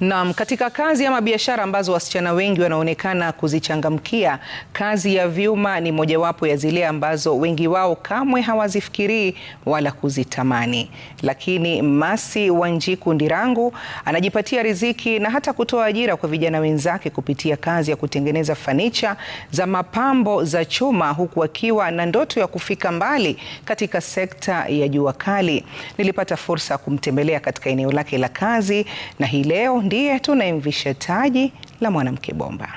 Naam, katika kazi ama biashara ambazo wasichana wengi wanaonekana kuzichangamkia, kazi ya vyuma ni mojawapo ya zile ambazo wengi wao kamwe hawazifikirii wala kuzitamani. Lakini masi Wanjiku Ndirangu anajipatia riziki na hata kutoa ajira kwa vijana wenzake kupitia kazi ya kutengeneza fanicha za mapambo za chuma huku akiwa na ndoto ya kufika mbali katika sekta ya jua kali. Nilipata fursa ya kumtembelea katika eneo lake la kazi na hii leo ndiye tunayemvisha taji la mwanamke bomba.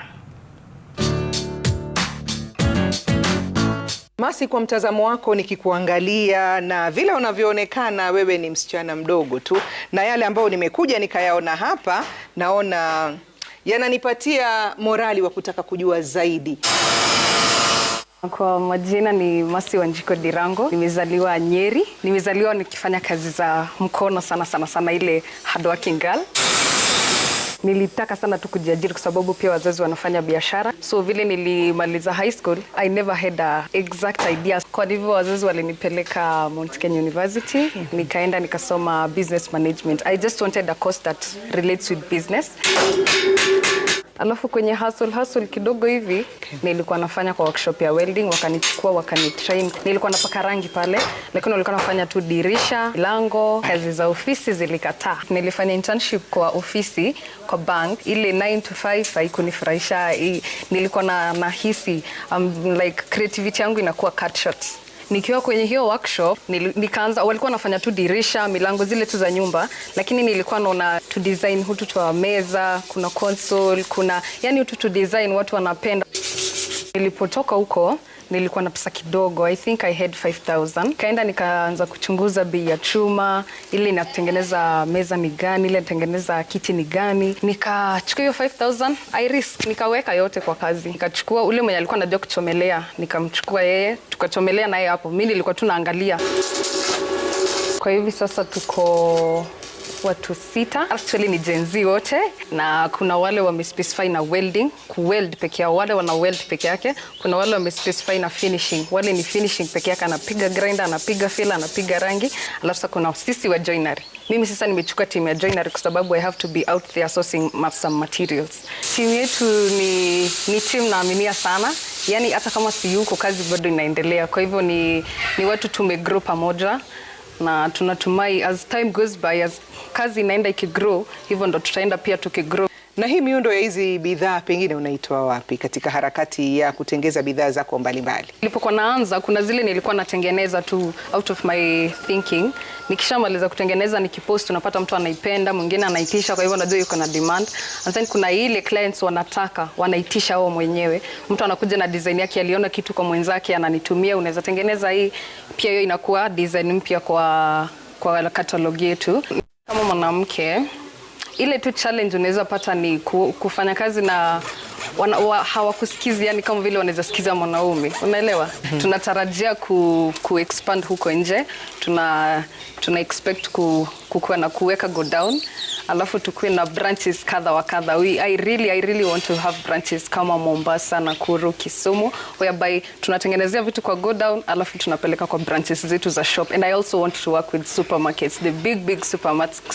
Masi, kwa mtazamo wako, nikikuangalia na vile unavyoonekana wewe, ni msichana mdogo tu, na yale ambayo nimekuja nikayaona hapa, naona yananipatia morali wa kutaka kujua zaidi. Kwa majina ni Masi Wanjiko Dirango. Nimezaliwa Nyeri, nimezaliwa nikifanya kazi za mkono sana sana sana, ile hard working girl nilitaka sana tu kujiajiri kwa sababu pia wazazi wanafanya biashara, so vile nilimaliza high school I never had a exact idea. Kwa hivyo wazazi walinipeleka Mount Kenya University Nikaenda nikasoma business management. I just wanted a course that relates with business Alafu kwenye hustle hustle kidogo hivi Nilikuwa nafanya kwa workshop ya welding, wakanichukua wakanitrain. Nilikuwa napaka rangi pale, lakini walikuwa nafanya tu dirisha, lango, kazi za ofisi zilikataa. Nilifanya internship kwa ofisi kwa bank, ile 9 to 5 haikunifurahisha. Nilikuwa na nahisi um, like creativity yangu inakuwa cut short nikiwa kwenye hiyo workshop nikaanza, walikuwa wanafanya tu dirisha, milango zile tu za nyumba, lakini nilikuwa naona tu design hutu twa meza, kuna console, kuna yani hutu tu design watu wanapenda. Nilipotoka huko nilikuwa na pesa kidogo, I think I had 5000. Kaenda nikaanza kuchunguza bei ya chuma ile inatengeneza meza ni gani, ile inatengeneza kiti ni gani. Nikachukua hiyo 5000 I risk, nikaweka yote kwa kazi, nikachukua ule mwenye alikuwa anajua kuchomelea, nikamchukua yeye, tukachomelea naye hapo. Mimi nilikuwa tu naangalia. Kwa hivi sasa tuko watu sita, actually ni jenzi wote, na kuna wale wamespecify na welding, kuweld peke yao, wale wana weld peke yake. Kuna wale wamespecify na finishing, wale ni finishing peke yake, anapiga grinder, anapiga fila, anapiga rangi, alafu kuna sisi wa joinery. Mimi sasa nimechukua timu ya joinery kwa sababu I have to be out there sourcing some materials. Timu yetu ni, ni timu naaminia sana yani, hata kama siyuko kazi bado inaendelea, kwa hivyo ni, ni watu tumegrow pamoja na tunatumai as time goes by, as kazi inaenda ikigrow, hivyo ndo tutaenda pia tukigrow. Na hii miundo ya hizi bidhaa pengine unaitoa wapi katika harakati ya kutengeza bidhaa zako mbalimbali? Nilipokuwa naanza, kuna zile nilikuwa natengeneza tu out of my thinking. Nikishamaliza kutengeneza nikipost, unapata mtu anaipenda, mwingine anaitisha, kwa hivyo najua yuko na demand. And then kuna ile clients wanataka, wanaitisha wao mwenyewe. Mtu anakuja na design yake, aliona kitu kwa mwenzake, ananitumia, unaweza tengeneza hii. Pia hiyo inakuwa design mpya kwa kwa katalogi yetu. Kama mwanamke ile tu challenge unaweza pata ni kufanya kazi na hawakusikizi yani, kama vile wanaweza sikiza mwanaume, unaelewa? mm -hmm. Tunatarajia ku, ku expand huko nje, tuna, tuna expect ku, kukua na kuweka go down alafu tukuwe na branches kadha wa kadha. I really, I really want to have branches kama Mombasa, Nakuru, Kisumu whereby tunatengenezea vitu kwa godown alafu tunapeleka kwa branches zetu za shop and I also want to work with supermarkets, the big big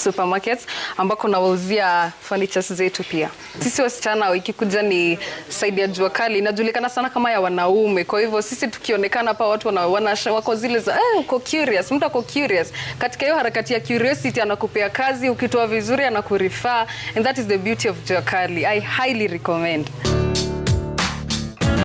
supermarkets ambako nawauzia furnitures zetu pia. Sisi wasichana ikikuja ni side ya jua kali inajulikana sana kama ya wanaume, kwa hivyo sisi tukionekana hapa watu wana, wana, wako zile za eh, uko curious, mtu ako curious. Katika hiyo harakati ya curiosity anakupea kazi ukitoa vizuri anakurifaa and that is the beauty of Jua Kali. I highly recommend.